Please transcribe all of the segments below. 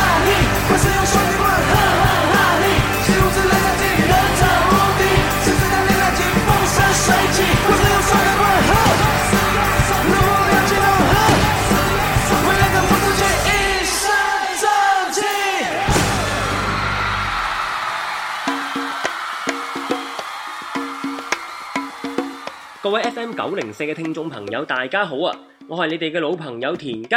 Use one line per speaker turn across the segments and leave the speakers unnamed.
各位 FM 九零四嘅聽眾朋友，大家好啊！我係你哋嘅老朋友田雞。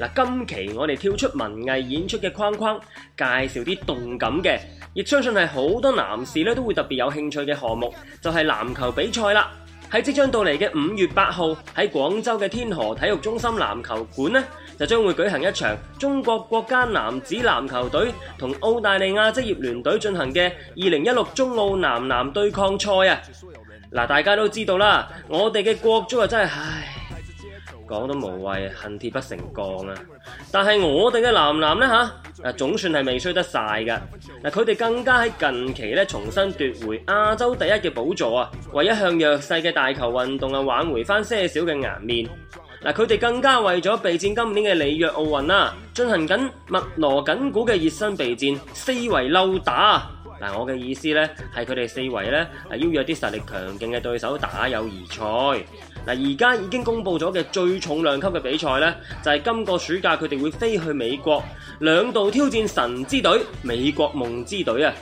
嗱，今期我哋跳出文藝演出嘅框框，介紹啲動感嘅，亦相信係好多男士咧都會特別有興趣嘅項目，就係籃球比賽啦。喺即將到嚟嘅五月八號，喺廣州嘅天河體育中心籃球館呢，就將會舉行一場中國國家男子籃球隊同澳大利亞職業聯隊進行嘅二零一六中澳男籃對抗賽啊！大家都知道啦，我哋嘅國足真係唉，講都無謂，恨鐵不成鋼啊！但係我哋嘅男籃呢，吓，總算係未衰得晒㗎。佢哋更加喺近期呢重新，奪回亞洲第一嘅寶座啊，為一向弱勢嘅大球運動啊挽回翻些少嘅顏面。佢哋更加為咗備戰今年嘅里約奧運啦，進行緊密鑼緊鼓嘅熱身備戰，四圍溜打。嗱，我嘅意思咧，係佢哋四圍咧，邀約啲實力強勁嘅對手打友誼賽。嗱，而家已經公布咗嘅最重量級嘅比賽咧，就係今個暑假佢哋會飛去美國兩度挑戰神之隊美國夢之隊啊！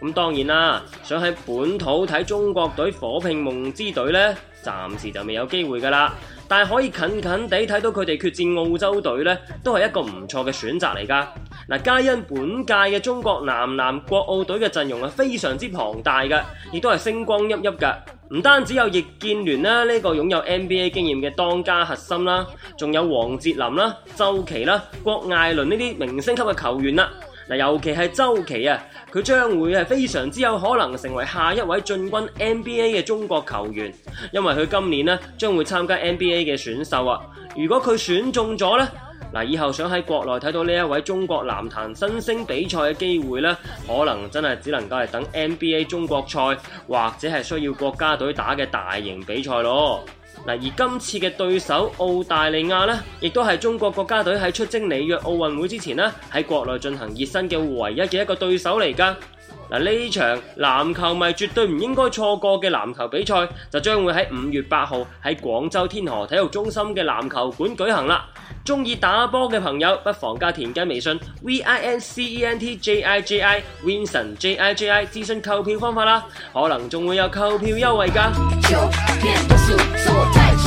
咁當然啦，想喺本土睇中國隊火拼夢之隊咧，暫時就未有機會噶啦。但係可以近近地睇到佢哋決戰澳洲隊咧，都係一個唔錯嘅選擇嚟噶。嗱，皆因本屆嘅中國男籃國奧隊嘅陣容係非常之龐大嘅，亦都係星光熠熠嘅。唔單只有易建聯呢、呢個擁有 NBA 經驗嘅當家核心啦，仲有王哲林啦、周琦啦、郭艾倫呢啲明星級嘅球員啦。尤其係周琦啊，佢將會係非常之有可能成為下一位進軍 NBA 嘅中國球員，因為佢今年呢將會參加 NBA 嘅選秀啊。如果佢選中咗呢，以後想喺國內睇到呢一位中國籃壇新星比賽嘅機會呢，可能真係只能夠係等 NBA 中國賽，或者係需要國家隊打嘅大型比賽咯。嗱，而今次嘅對手澳大利亞呢，亦都係中國國家隊喺出征里約奧運會之前呢，喺國內進行熱身嘅唯一嘅一個對手嚟噶。嗱，呢場籃球迷絕對唔應該錯過嘅籃球比賽，就將會喺五月八號喺廣州天河體育中心嘅籃球館舉行啦。中意打波嘅朋友，不妨加田雞微信 v i n c e n t j i j i Vincent j i j i 諮詢購票方法啦，可能仲會有購票優惠噶。